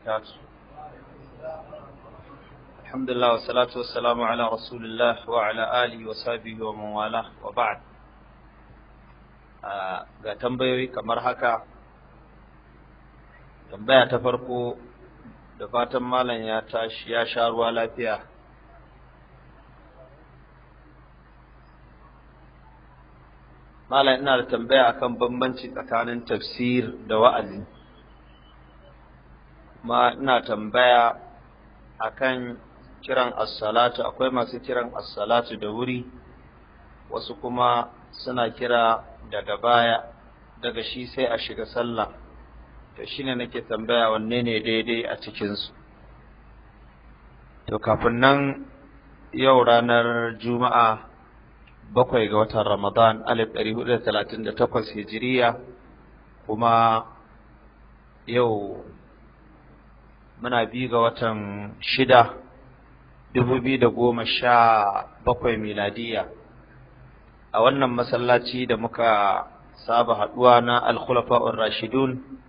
وبركاته الحمد لله والصلاة والسلام على رسول الله وعلى آله وصحبه ومن والاه وبعد ga tambayoyi kamar haka tambaya ta farko da fatan malam ya tashi ya sha ruwa lafiya malam ina da tambaya akan bambanci tsakanin tafsir da wa'azi ma ina tambaya akan kiran assalatu akwai masu kiran assalatu da wuri wasu kuma suna kira daga baya daga shi sai a shiga sallah to shine nake tambaya wanne ne daidai a cikinsu to kafin nan yau ranar juma'a bakwai ga watan ramadan alif ɗari hudu da talatin da takwas hijiriya kuma yau muna bi ga watan shida dubu biyu da goma sha bakwai miladiya a wannan masallaci da muka saba haɗuwa na alkhulafa'ur rashidun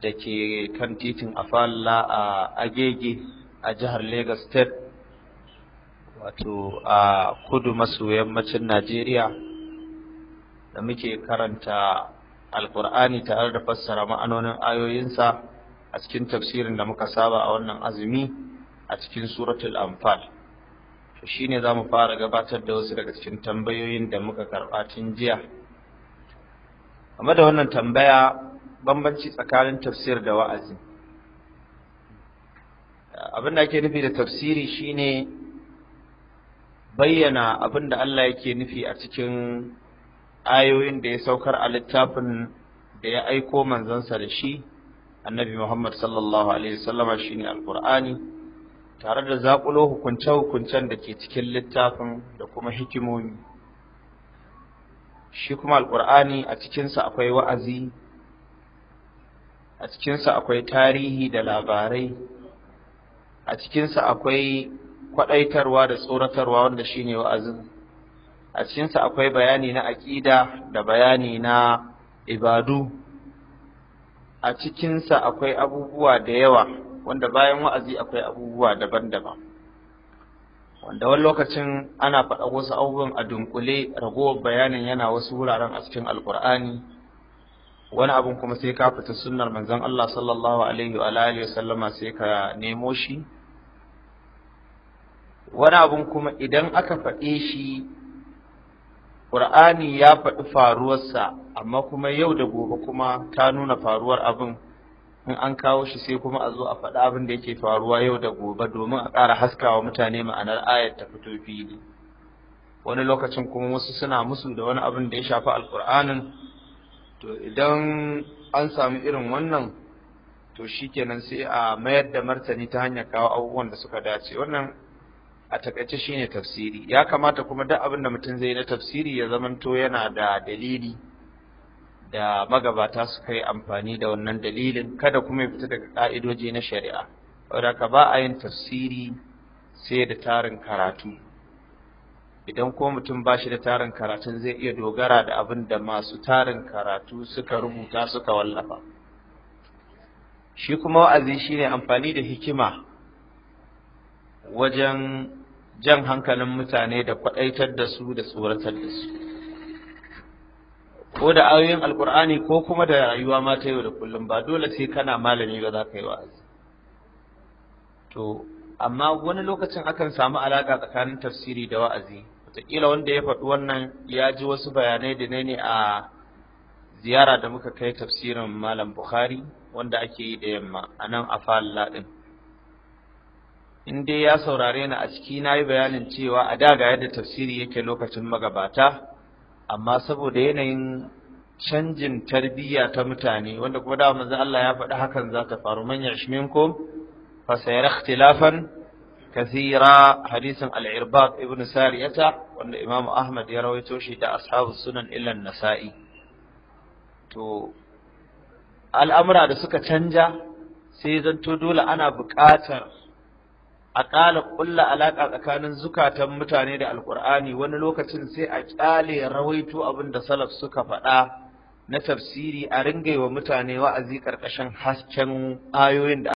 da ke kan titin afalla a agege a jihar lagos state wato a kudu maso yammacin najeriya da muke karanta alkur'ani tare da fassara ma'anonin ayoyinsa a cikin tafsirin da muka saba a wannan azumi a cikin suratul anfal to shine zamu fara gabatar da wasu daga cikin tambayoyin da muka karba tun jiya amma da wannan tambaya bambanci tsakanin tafsir da wa'azi abin da ake nufi da tafsiri shine bayyana abin da Allah yake nufi a cikin ayoyin da ya saukar a littafin da ya aiko manzansa da shi annabi Muhammad sallallahu alaihi wasallama shine alqur'ani tare da zaƙulo hukunce hukuncen da ke cikin littafin da kuma hikimomi shi kuma alqur'ani a cikinsa akwai wa'azi a cikinsa akwai tarihi da labarai a cikinsa akwai kwadaitarwa da tsoratarwa wanda shine wa'azin a cikinsa akwai bayani na aƙida da bayani na ibadu a cikinsa akwai abubuwa da yawa wanda bayan wa'azi akwai abubuwa daban-daban wanda wani lokacin ana faɗa wasu abubuwan a dunkule ragowar bayanin yana wasu wuraren a cikin alkur'ani wani abin kuma sai ka fita sunnar manzon Allah sallallahu alaihi wa alihi sallama sai ka nemo shi wani abin kuma idan aka faɗe shi ƙur'ani ya faɗi faruwarsa amma kuma yau da gobe kuma ta nuna faruwar abin in an kawo shi sai kuma a zo a faɗi abin da yake faruwa yau da gobe domin a ƙara haskawa mutane ma'anar ayar ta fito fili wani lokacin kuma wasu suna musu da wani abin da ya shafi alƙur'anin to idan an samu irin wannan to shikenan sai a mayar da martani ta hanyar kawo abubuwan da suka dace wannan a takaice shine tafsiri ya kamata kuma duk abin da mutum zai na tafsiri ya zamanto yana da dalili da magabata suka yi amfani da wannan dalilin kada kuma ya fita daga ƙa'idoji na shari'a wadda ba a yin tafsiri sai da tarin karatu idan ko mutum ba shi da tarin karatu zai iya dogara da abin da masu tarin karatu suka rubuta suka wallafa shi kuma wa'azi shine amfani da hikima wajen jan hankalin mutane da kwaɗaitar da su da tsoratar da su ko da ayoyin alkur'ani ko kuma da rayuwa ma ta yau da kullum ba dole sai kana malami ba za ka yi wa'azi to amma wani lokacin akan samu alaƙa tsakanin tafsiri da wa'azi wataƙila wanda ya faɗi wannan ya ji wasu bayanai da ne a ziyara da muka kai tafsirin malam bukhari wanda ake yi da yamma a nan a falla ɗin in dai ya saurare ni a ciki na yi bayanin cewa a da ga yadda tafsiri yake lokacin magabata amma saboda yanayin canjin tarbiyya ta mutane wanda kuma da manzo Allah ya faɗi hakan za ta faru man yashminkum fa sayara ikhtilafan kathira hadisin al-irbad ibn sariyata wanda imam ahmad ya rawaito shi da ashabu sunan illa nasai to al'amura da suka canja sai zanto dole ana buƙatar a ƙala ƙulla alaƙa tsakanin zukatan mutane da alƙur'ani wani lokacin sai a ƙyale rawaito abin da salaf suka faɗa na tafsiri a ringa mutane wa'azi ƙarƙashin hasken ayoyin da